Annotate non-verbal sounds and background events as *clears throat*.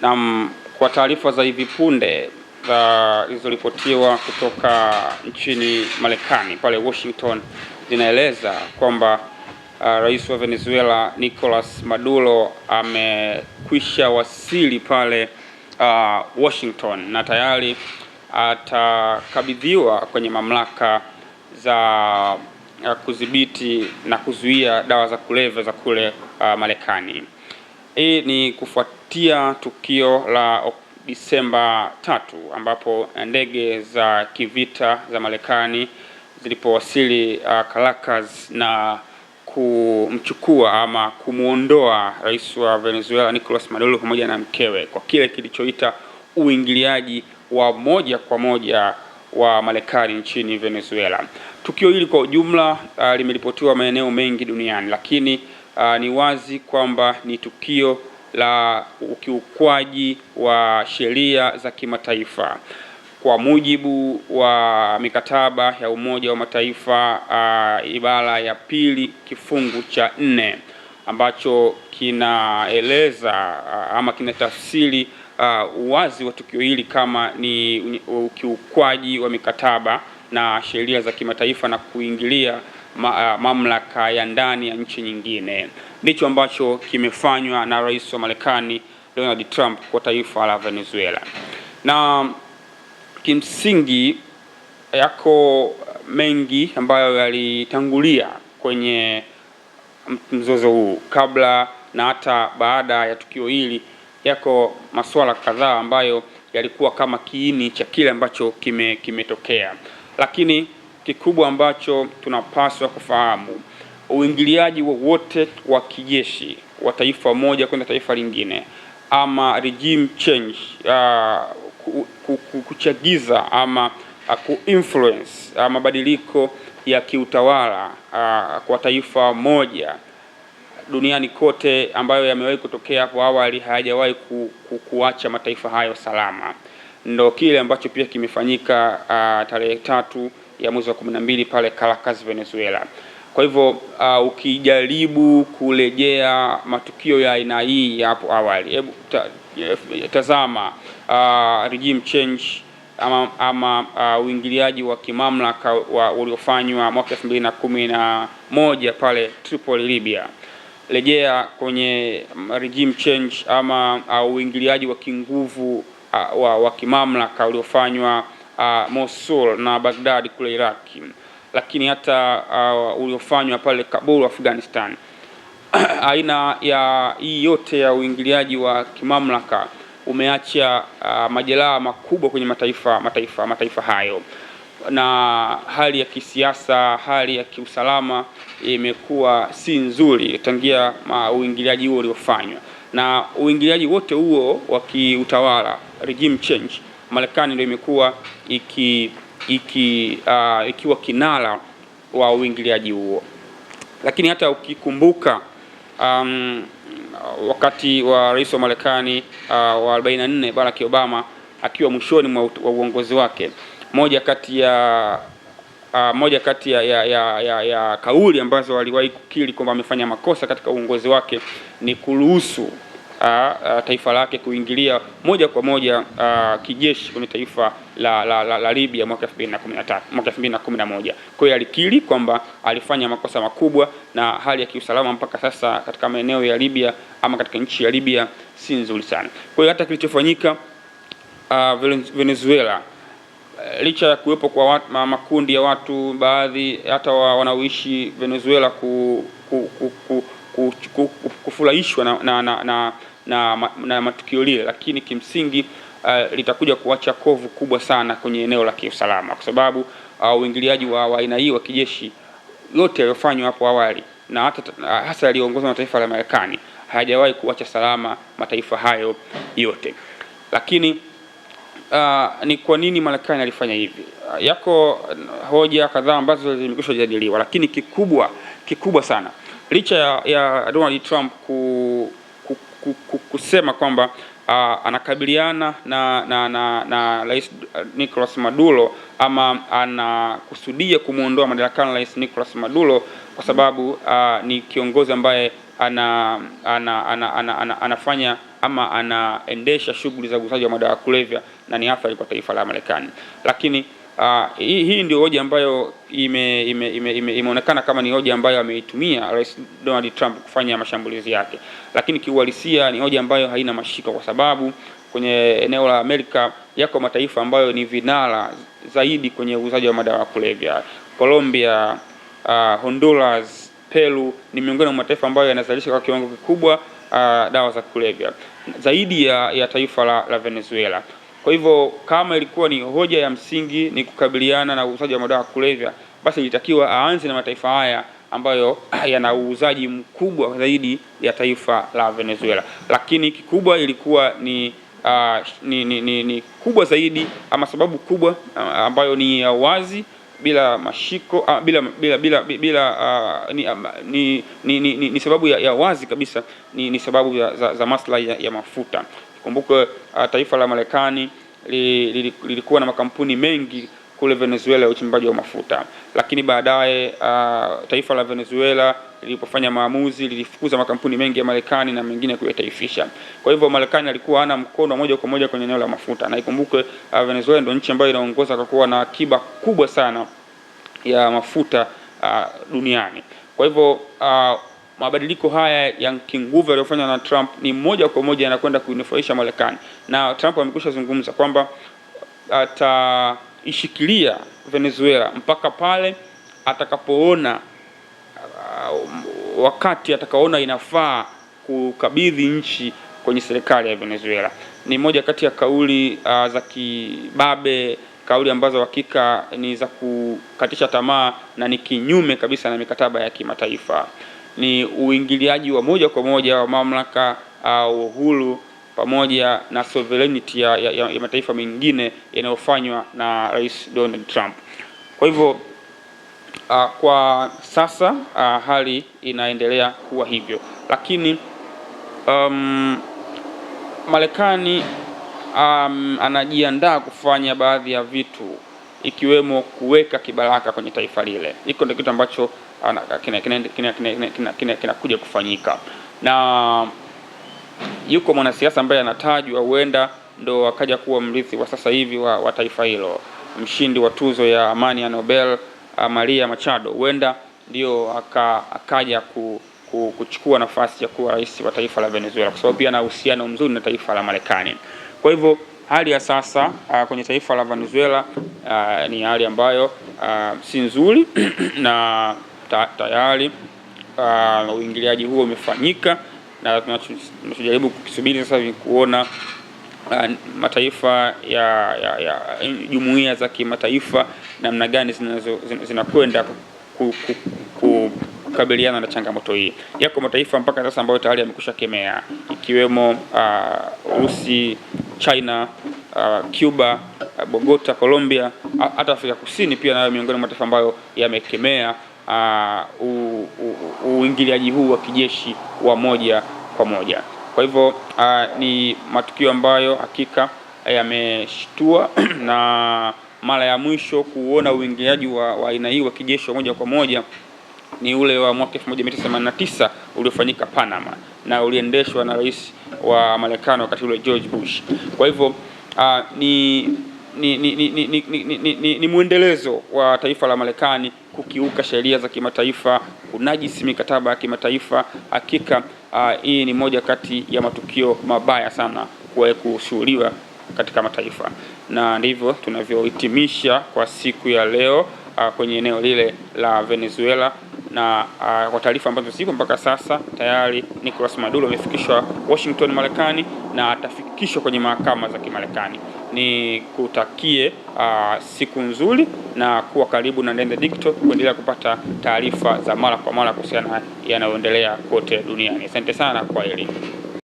Naam, kwa taarifa za hivi punde zilizoripotiwa kutoka nchini Marekani pale Washington zinaeleza kwamba uh, rais wa Venezuela Nicolas Maduro amekwisha wasili pale uh, Washington na tayari atakabidhiwa kwenye mamlaka za uh, kudhibiti na kuzuia dawa za kulevya za kule uh, Marekani. Hii ni kufuatia kufuatia tukio la Disemba tatu ambapo ndege za kivita za Marekani zilipowasili uh, Caracas na kumchukua ama kumwondoa rais wa Venezuela Nicolas Maduro pamoja na mkewe kwa kile kilichoita uingiliaji wa moja kwa moja wa Marekani nchini Venezuela. Tukio hili kwa ujumla uh, limeripotiwa maeneo mengi duniani, lakini uh, ni wazi kwamba ni tukio la ukiukwaji wa sheria za kimataifa kwa mujibu wa mikataba ya Umoja wa Mataifa uh, ibara ya pili kifungu cha nne ambacho kinaeleza uh, ama kinatafsiri ah, uwazi uh, wa tukio hili kama ni ukiukwaji wa mikataba na sheria za kimataifa na kuingilia ma, uh, mamlaka ya ndani ya nchi nyingine. Ndicho ambacho kimefanywa na rais wa Marekani Donald Trump kwa taifa la Venezuela, na kimsingi yako mengi ambayo yalitangulia kwenye mzozo huu kabla na hata baada ya tukio hili. Yako masuala kadhaa ambayo yalikuwa kama kiini cha kile ambacho kimetokea kime, lakini kikubwa ambacho tunapaswa kufahamu, uingiliaji wowote wa, kijeshi wa taifa moja kwenda taifa lingine ama regime change uh, kuchagiza ama uh, kuinfluence uh, mabadiliko ya kiutawala uh, kwa taifa moja duniani kote ambayo yamewahi kutokea hapo awali hayajawahi ku, ku, kuacha mataifa hayo salama. Ndo kile ambacho pia kimefanyika uh, tarehe tatu ya mwezi wa 12 pale Caracas, Venezuela. Kwa hivyo uh, ukijaribu kurejea matukio ya aina hii ya hapo awali, hebu eh, tazama uh, regime change ama, ama uh, uingiliaji wa kimamlaka uliofanywa mwaka moja pale Tripoli, Libya. Rejea kwenye regime change ama uh, uingiliaji wa kinguvu uh, wa, wa kimamlaka uliofanywa uh, Mosul na Baghdad kule Iraq, lakini hata uh, uliofanywa pale Kabul Afghanistan. *clears throat* Aina ya hii yote ya uingiliaji wa kimamlaka umeacha uh, majeraha makubwa kwenye mataifa mataifa mataifa hayo, na hali ya kisiasa, hali ya kiusalama imekuwa si nzuri tangia uh, uingiliaji huo uliofanywa, na uingiliaji wote huo wa kiutawala regime change Marekani ndio imekuwa iki, iki, uh, ikiwa kinara wa uingiliaji huo, lakini hata ukikumbuka um, wakati wa rais wa Marekani uh, wa 44 Barack Obama akiwa mwishoni mwa uongozi wake, moja kati ya uh, moja kati ya, ya, ya, ya, ya kauli ambazo aliwahi kukiri kwamba amefanya makosa katika uongozi wake ni kuruhusu a, a, taifa lake kuingilia moja kwa moja a, kijeshi kwenye taifa la, la, la, la Libya mwaka 2013 mwaka 2011. Kwa hiyo alikiri kwamba alifanya makosa makubwa na hali ya kiusalama mpaka sasa katika maeneo ya Libya ama katika nchi ya Libya si nzuri sana. Kwa hiyo hata kilichofanyika Venezuela licha ya kuwepo kwa wat, ma, makundi ya watu baadhi hata wa, wanaoishi Venezuela ku, ku, ku, ku kufurahishwa na, na, na, na, na, na matukio lile, lakini kimsingi uh, litakuja kuacha kovu kubwa sana kwenye eneo la kiusalama, kwa sababu ah, uingiliaji uh, wa aina hii wa kijeshi yote yaliyofanywa hapo awali na hata hasa yaliyoongozwa na taifa la Marekani hajawahi kuacha salama mataifa hayo yote. Lakini uh, ni kwa nini Marekani alifanya hivi? Yako hoja kadhaa ambazo zimekwisha jadiliwa, lakini kikubwa kikubwa sana licha ya, ya Donald Trump ku, ku, ku, ku, kusema kwamba Uh, anakabiliana na na na, na Rais Nicolas Maduro ama anakusudia kumwondoa madarakani Rais Nicolas Maduro kwa sababu uh, ni kiongozi ambaye ana, ana, ana, ana, ana, anafanya ama anaendesha shughuli za uuzaji wa madawa ya kulevya na ni athari kwa taifa la Marekani, lakini Uh, hii, hii ndio hoja ambayo imeonekana ime, ime, ime, ime kama ni hoja ambayo ameitumia Rais Donald Trump kufanya mashambulizi yake, lakini kiuhalisia ni hoja ambayo haina mashiko, kwa sababu kwenye eneo la Amerika yako mataifa ambayo ni vinara zaidi kwenye uuzaji wa madawa ya kulevya. Colombia, uh, Honduras, Peru ni miongoni mwa mataifa ambayo yanazalisha kwa kiwango kikubwa uh, dawa za kulevya zaidi ya, ya taifa la, la Venezuela. Kwa hivyo kama ilikuwa ni hoja ya msingi ni kukabiliana na uuzaji wa madawa ya kulevya, basi ilitakiwa aanze na mataifa haya ambayo *clears throat* yana uuzaji mkubwa zaidi ya taifa la Venezuela, lakini kikubwa ilikuwa ni Uh, ni, ni, ni, ni kubwa zaidi ama sababu kubwa ah, ambayo ni ya wazi bila mashiko uh, bila bila bila, bila uh, ni, um, ni, ni, ni, ni sababu ya, ya wazi kabisa ni, ni sababu ya, za, za maslahi ya, ya mafuta. Kumbuke ah, taifa la Marekani lilikuwa na makampuni mengi kule Venezuela ya uchimbaji wa mafuta, lakini baadaye ah, taifa la Venezuela lilipofanya maamuzi lilifukuza makampuni mengi ya Marekani na mengine kuyataifisha. Kwa hivyo Marekani alikuwa hana mkono moja kwa moja kwenye eneo la mafuta, na ikumbuke ah, Venezuela ndio nchi ambayo inaongoza kwa kuwa na akiba kubwa sana ya mafuta uh, duniani. Kwa hivyo uh, mabadiliko haya ya kinguvu yaliyofanywa na Trump ni moja kwa moja yanakwenda kuinufaisha Marekani, na Trump amekwisha zungumza kwamba ataishikilia Venezuela mpaka pale atakapoona uh, wakati atakaona inafaa kukabidhi nchi kwenye serikali ya Venezuela. Ni moja kati ya kauli uh, za kibabe, kauli ambazo hakika ni za kukatisha tamaa na ni kinyume kabisa na mikataba ya kimataifa ni uingiliaji wa moja kwa moja wa mamlaka au uhuru pamoja na sovereignty ya, ya, ya mataifa mengine yanayofanywa na Rais Donald Trump. Kwa hivyo uh, kwa sasa uh, hali inaendelea kuwa hivyo, lakini um, Marekani um, anajiandaa kufanya baadhi ya vitu ikiwemo kuweka kibaraka kwenye taifa lile. Hiko ndio kitu ambacho kinakuja kufanyika, na yuko mwanasiasa ambaye anatajwa huenda ndo akaja kuwa mrithi wa sasa hivi wa, wa taifa hilo, mshindi wa tuzo ya amani ya Nobel ah, Maria Machado, huenda ndio akaja ku, ku, kuchukua nafasi ya kuwa rais wa taifa la Venezuela, kwa sababu pia ana uhusiano mzuri na taifa la Marekani. Kwa hivyo hali ya sasa a, ah, kwenye taifa la Venezuela a, ah, ni hali ambayo si nzuri *clears throat* na ta, tayari uh, uingiliaji huo umefanyika na tunachojaribu kukisubiri sasa ni kuona uh, mataifa ya, ya, ya jumuiya za kimataifa namna gani zinakwenda kukabiliana na changamoto hii. Yako mataifa mpaka sasa ambayo tayari yamekusha kemea ikiwemo ah, Urusi, uh, China, uh, Cuba, uh, Bogota, Colombia, hata Afrika Kusini pia nayo miongoni mwa mataifa ambayo yamekemea Uh, uingiliaji huu wa kijeshi wa moja kwa moja. Kwa hivyo uh, ni matukio ambayo hakika uh, yameshtua *clears throat* na mara ya mwisho kuona uingiliaji wa aina hii wa kijeshi wa moja kwa moja ni ule wa mwaka 1989 uliofanyika Panama na uliendeshwa na rais wa Marekani wakati ule George Bush. Kwa hivyo uh, ni ni, ni, ni, ni, ni, ni, ni, ni mwendelezo wa taifa la Marekani kukiuka sheria za kimataifa, kunajisi mikataba ya kimataifa. Hakika uh, hii ni moja kati ya matukio mabaya sana kuwahi kushuhudiwa katika mataifa, na ndivyo tunavyohitimisha kwa siku ya leo uh, kwenye eneo lile la Venezuela na uh, kwa taarifa ambazo zipo mpaka sasa tayari Nicolas Maduro amefikishwa Washington Marekani na atafikishwa kwenye mahakama za Kimarekani. Ni kutakie uh, siku nzuri na kuwa karibu na Ndende Digital kuendelea kupata taarifa za mara kwa mara kuhusiana yanayoendelea kote duniani. Asante sana kwa elimu.